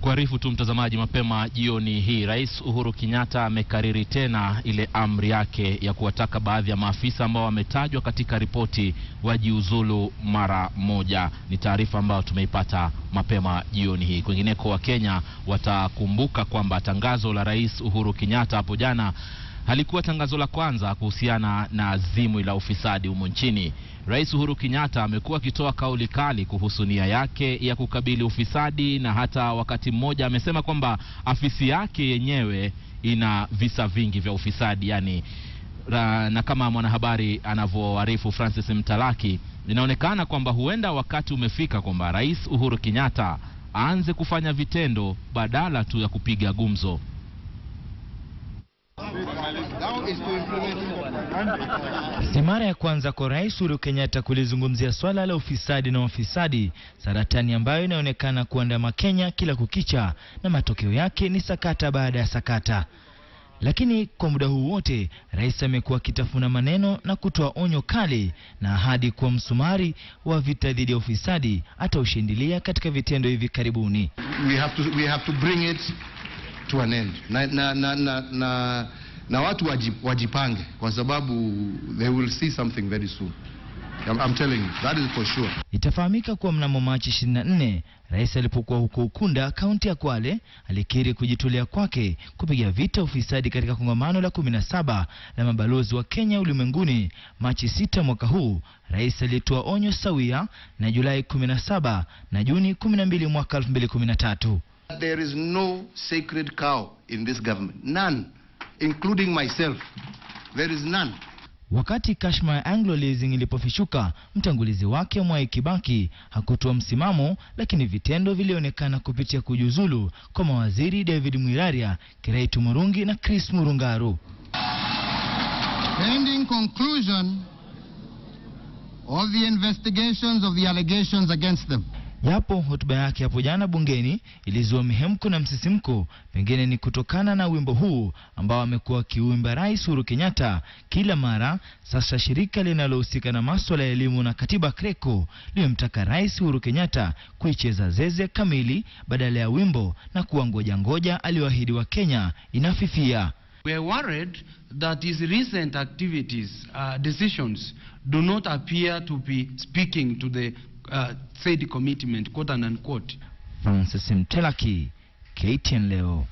Kukuarifu tu mtazamaji, mapema jioni hii Rais Uhuru Kenyatta amekariri tena ile amri yake ya kuwataka baadhi ya maafisa ambao wametajwa katika ripoti wajiuzulu mara moja. Ni taarifa ambayo tumeipata mapema jioni hii. Kwingineko, Wakenya watakumbuka kwamba tangazo la Rais Uhuru Kenyatta hapo jana halikuwa tangazo la kwanza kuhusiana na zimwi la ufisadi humo nchini. Rais Uhuru Kenyatta amekuwa akitoa kauli kali kuhusu nia yake ya kukabili ufisadi na hata wakati mmoja amesema kwamba afisi yake yenyewe ina visa vingi vya ufisadi yani na kama mwanahabari anavyoarifu Francis Mtalaki, inaonekana kwamba huenda wakati umefika kwamba Rais Uhuru Kenyatta aanze kufanya vitendo badala tu ya kupiga gumzo. Si mara ya kwanza kwa Rais Uhuru Kenyatta kulizungumzia swala la ufisadi na wafisadi, saratani ambayo inaonekana kuandama Kenya kila kukicha, na matokeo yake ni sakata baada ya sakata. Lakini kwa muda huu wote rais amekuwa akitafuna maneno na kutoa onyo kali na ahadi kuwa msumari wa vita dhidi ya ufisadi ataushindilia katika vitendo hivi karibuni. We have to, we have to bring it to an end. Na, na, na, na, na na watu wajipange kwa sababu they will see something very soon. I'm, I'm telling you, that is for sure. Itafahamika kuwa mnamo Machi 24 rais alipokuwa huko Ukunda, kaunti ya Kwale, alikiri kujitolea kwake kupiga vita ufisadi katika kongamano la 17 la mabalozi wa Kenya ulimwenguni. Machi 6 mwaka huu rais alitoa onyo sawia na Julai 17 na Juni 12 mwaka 2013. There is no sacred cow in this government. None including myself. There is none. Wakati kashma ya Anglo Leasing ilipofishuka, mtangulizi wake Mwai Kibaki hakutoa msimamo, lakini vitendo vilionekana kupitia kujiuzulu kwa mawaziri David Mwiraria, Kiraitu Murungi na Chris Murungaru. Pending conclusion of the investigations of the allegations against them. Japo hotuba yake hapo jana bungeni ilizua mihemko na msisimko, pengine ni kutokana na wimbo huu ambao amekuwa akiuimba Rais Uhuru Kenyatta kila mara. Sasa shirika linalohusika na maswala ya elimu na katiba Kreko limemtaka Rais Uhuru Kenyatta kuicheza zeze kamili badala ya wimbo na kuwa ngoja ngoja aliyoahidi wa Kenya inafifia. We are worried that his recent activities, uh, decisions do not appear to be speaking to the uh, said commitment quote and unquote. Francis Mtelaki, KTN leo.